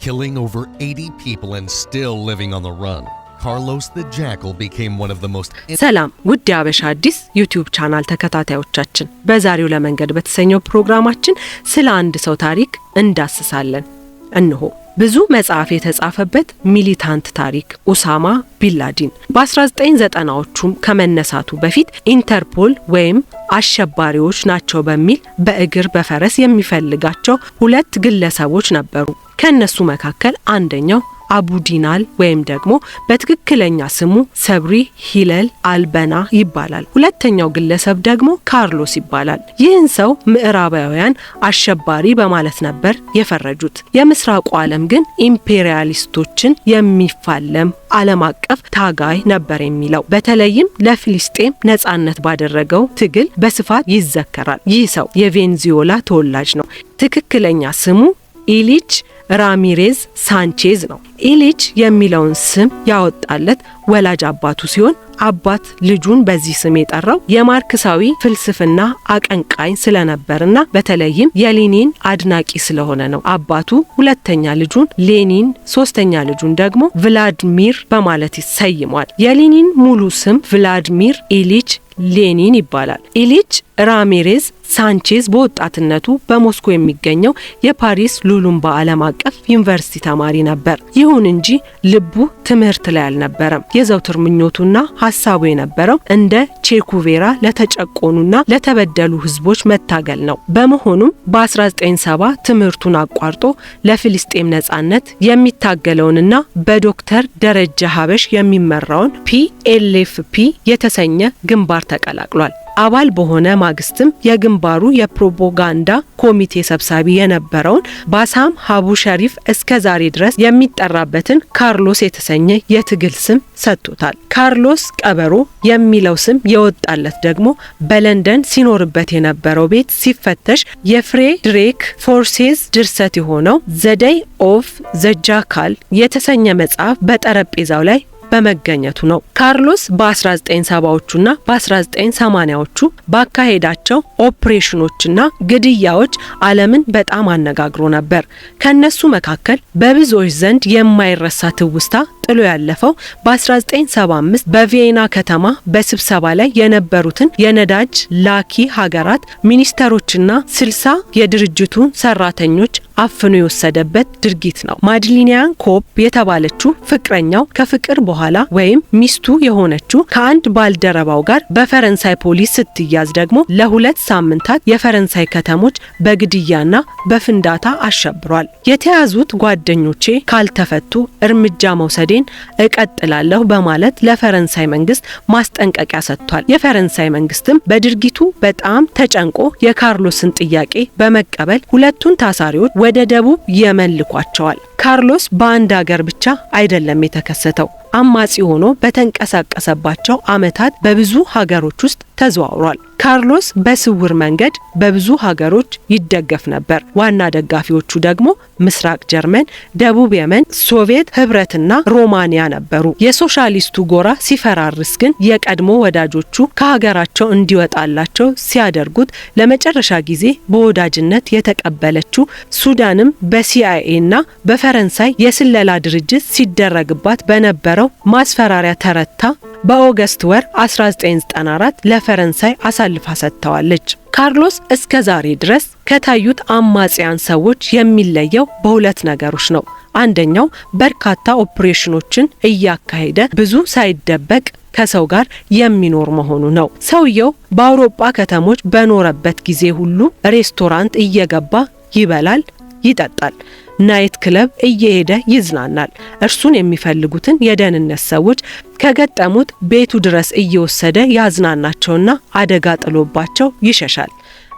killing over 80 people and still living on the run. ካርሎስ ዘ ጃካል became one of the most ሰላም ውድ የአበሻ አዲስ ዩቲዩብ ቻናል ተከታታዮቻችን፣ በዛሬው ለመንገድ በተሰኘው ፕሮግራማችን ስለ አንድ ሰው ታሪክ እንዳስሳለን። እንሆ ብዙ መጽሐፍ የተጻፈበት ሚሊታንት ታሪክ ኡሳማ ቢንላዲን በ1990ዎቹም ከመነሳቱ በፊት ኢንተርፖል ወይም አሸባሪዎች ናቸው በሚል በእግር በፈረስ የሚፈልጋቸው ሁለት ግለሰቦች ነበሩ። ከእነሱ መካከል አንደኛው አቡዲናል ወይም ደግሞ በትክክለኛ ስሙ ሰብሪ ሂለል አልበና ይባላል። ሁለተኛው ግለሰብ ደግሞ ካርሎስ ይባላል። ይህን ሰው ምዕራባውያን አሸባሪ በማለት ነበር የፈረጁት። የምስራቁ ዓለም ግን ኢምፔሪያሊስቶችን የሚፋለም ዓለም አቀፍ ታጋይ ነበር የሚለው በተለይም ለፊልስጤም ነጻነት ባደረገው ትግል በስፋት ይዘከራል። ይህ ሰው የቬንዚዮላ ተወላጅ ነው። ትክክለኛ ስሙ ኢሊች ራሚሬዝ ሳንቼዝ ነው። ኢሊች የሚለውን ስም ያወጣለት ወላጅ አባቱ ሲሆን አባት ልጁን በዚህ ስም የጠራው የማርክሳዊ ፍልስፍና አቀንቃኝ ስለነበርና በተለይም የሌኒን አድናቂ ስለሆነ ነው። አባቱ ሁለተኛ ልጁን ሌኒን፣ ሶስተኛ ልጁን ደግሞ ቭላድሚር በማለት ይሰይሟል። የሌኒን ሙሉ ስም ቭላድሚር ኢሊች ሌኒን ይባላል። ኢሊች ራሚሬዝ ሳንቼዝ በወጣትነቱ በሞስኮ የሚገኘው የፓሪስ ሉሉምባ ዓለም አቀፍ ዩኒቨርሲቲ ተማሪ ነበር። ይሁን እንጂ ልቡ ትምህርት ላይ አልነበረም። የዘውትር ምኞቱና ሀሳቡ የነበረው እንደ ቼኩቬራ ለተጨቆኑና ለተበደሉ ህዝቦች መታገል ነው። በመሆኑም በ1970 ትምህርቱን አቋርጦ ለፊልስጤም ነጻነት የሚታገለውንና በዶክተር ደረጀ ሀበሽ የሚመራውን ፒኤልኤፍፒ የተሰኘ ግንባር ተቀላቅሏል። አባል በሆነ ማግስትም የግንባሩ የፕሮፓጋንዳ ኮሚቴ ሰብሳቢ የነበረውን ባሳም ሀቡ ሸሪፍ እስከ ዛሬ ድረስ የሚጠራበትን ካርሎስ የተሰኘ የትግል ስም ሰጥቶታል። ካርሎስ ቀበሮ የሚለው ስም የወጣለት ደግሞ በለንደን ሲኖርበት የነበረው ቤት ሲፈተሽ የፍሬድሪክ ፎርሴዝ ድርሰት የሆነው ዘደይ ኦፍ ዘጃካል የተሰኘ መጽሐፍ በጠረጴዛው ላይ በመገኘቱ ነው። ካርሎስ በ1970ዎቹና በ1980ዎቹ ባካሄዳቸው ኦፕሬሽኖችና ግድያዎች ዓለምን በጣም አነጋግሮ ነበር። ከእነሱ መካከል በብዙዎች ዘንድ የማይረሳ ትውስታ ጥሎ ያለፈው በ1975 በቪየና ከተማ በስብሰባ ላይ የነበሩትን የነዳጅ ላኪ ሀገራት ሚኒስተሮችና ስልሳ የድርጅቱ ሰራተኞች አፍኖ የወሰደበት ድርጊት ነው። ማድሊኒያን ኮፕ የተባለችው ፍቅረኛው ከፍቅር በኋላ ወይም ሚስቱ የሆነችው ከአንድ ባልደረባው ጋር በፈረንሳይ ፖሊስ ስትያዝ ደግሞ ለሁለት ሳምንታት የፈረንሳይ ከተሞች በግድያና በፍንዳታ አሸብሯል። የተያዙት ጓደኞቼ ካልተፈቱ እርምጃ መውሰዴን እቀጥላለሁ በማለት ለፈረንሳይ መንግስት ማስጠንቀቂያ ሰጥቷል። የፈረንሳይ መንግስትም በድርጊቱ በጣም ተጨንቆ የካርሎስን ጥያቄ በመቀበል ሁለቱን ታሳሪዎች ወደ ደቡብ የመን ልኳቸዋል። ካርሎስ በአንድ አገር ብቻ አይደለም የተከሰተው። አማጺ ሆኖ በተንቀሳቀሰባቸው ዓመታት በብዙ ሀገሮች ውስጥ ተዘዋውሯል። ካርሎስ በስውር መንገድ በብዙ ሀገሮች ይደገፍ ነበር። ዋና ደጋፊዎቹ ደግሞ ምስራቅ ጀርመን፣ ደቡብ የመን፣ ሶቪየት ህብረትና ሮማንያ ነበሩ። የሶሻሊስቱ ጎራ ሲፈራርስ ግን የቀድሞ ወዳጆቹ ከሀገራቸው እንዲወጣላቸው ሲያደርጉት ለመጨረሻ ጊዜ በወዳጅነት የተቀበለችው ሱዳንም በሲአይኤ በፈ በፈረንሳይ የስለላ ድርጅት ሲደረግባት በነበረው ማስፈራሪያ ተረታ በኦገስት ወር 1994 ለፈረንሳይ አሳልፋ ሰጥተዋለች። ካርሎስ እስከ ዛሬ ድረስ ከታዩት አማጽያን ሰዎች የሚለየው በሁለት ነገሮች ነው። አንደኛው በርካታ ኦፕሬሽኖችን እያካሄደ ብዙ ሳይደበቅ ከሰው ጋር የሚኖር መሆኑ ነው። ሰውየው በአውሮፓ ከተሞች በኖረበት ጊዜ ሁሉ ሬስቶራንት እየገባ ይበላል፣ ይጠጣል። ናይት ክለብ እየሄደ ይዝናናል። እርሱን የሚፈልጉትን የደህንነት ሰዎች ከገጠሙት ቤቱ ድረስ እየወሰደ ያዝናናቸውና አደጋ ጥሎባቸው ይሸሻል።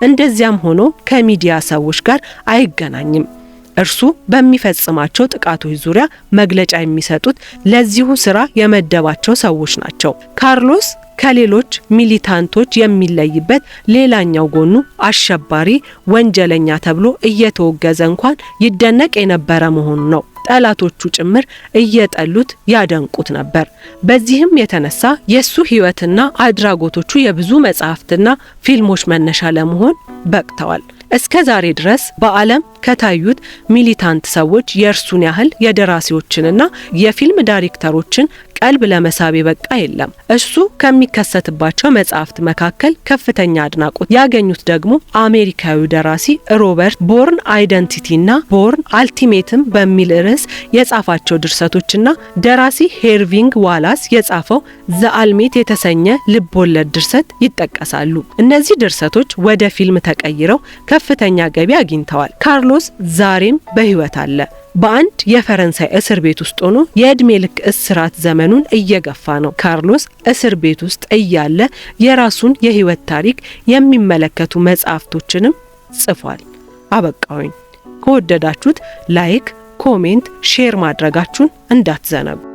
እንደዚያም ሆኖ ከሚዲያ ሰዎች ጋር አይገናኝም። እርሱ በሚፈጽማቸው ጥቃቶች ዙሪያ መግለጫ የሚሰጡት ለዚሁ ስራ የመደባቸው ሰዎች ናቸው። ካርሎስ ከሌሎች ሚሊታንቶች የሚለይበት ሌላኛው ጎኑ አሸባሪ፣ ወንጀለኛ ተብሎ እየተወገዘ እንኳን ይደነቅ የነበረ መሆኑ ነው። ጠላቶቹ ጭምር እየጠሉት ያደንቁት ነበር። በዚህም የተነሳ የሱ ሕይወትና አድራጎቶቹ የብዙ መጽሐፍትና ፊልሞች መነሻ ለመሆን በቅተዋል። እስከ ዛሬ ድረስ በዓለም ከታዩት ሚሊታንት ሰዎች የእርሱን ያህል የደራሲዎችንና የፊልም ዳይሬክተሮችን ቀልብ ለመሳብ የበቃ የለም። እሱ ከሚከሰትባቸው መጽሐፍት መካከል ከፍተኛ አድናቆት ያገኙት ደግሞ አሜሪካዊ ደራሲ ሮበርት ቦርን አይደንቲቲና ቦርን አልቲሜትም በሚል ርዕስ የጻፋቸው ድርሰቶችና ደራሲ ሄርቪንግ ዋላስ የጻፈው ዘአልሜት የተሰኘ ልቦለድ ድርሰት ይጠቀሳሉ። እነዚህ ድርሰቶች ወደ ፊልም ተቀይረው ከፍተኛ ገቢ አግኝተዋል። ካርሎስ ዛሬም በሕይወት አለ። በአንድ የፈረንሳይ እስር ቤት ውስጥ ሆኖ የእድሜ ልክ እስራት ዘመኑን እየገፋ ነው። ካርሎስ እስር ቤት ውስጥ እያለ የራሱን የህይወት ታሪክ የሚመለከቱ መጽሐፍቶችንም ጽፏል። አበቃውኝ። ከወደዳችሁት ላይክ፣ ኮሜንት፣ ሼር ማድረጋችሁን እንዳትዘነጉ።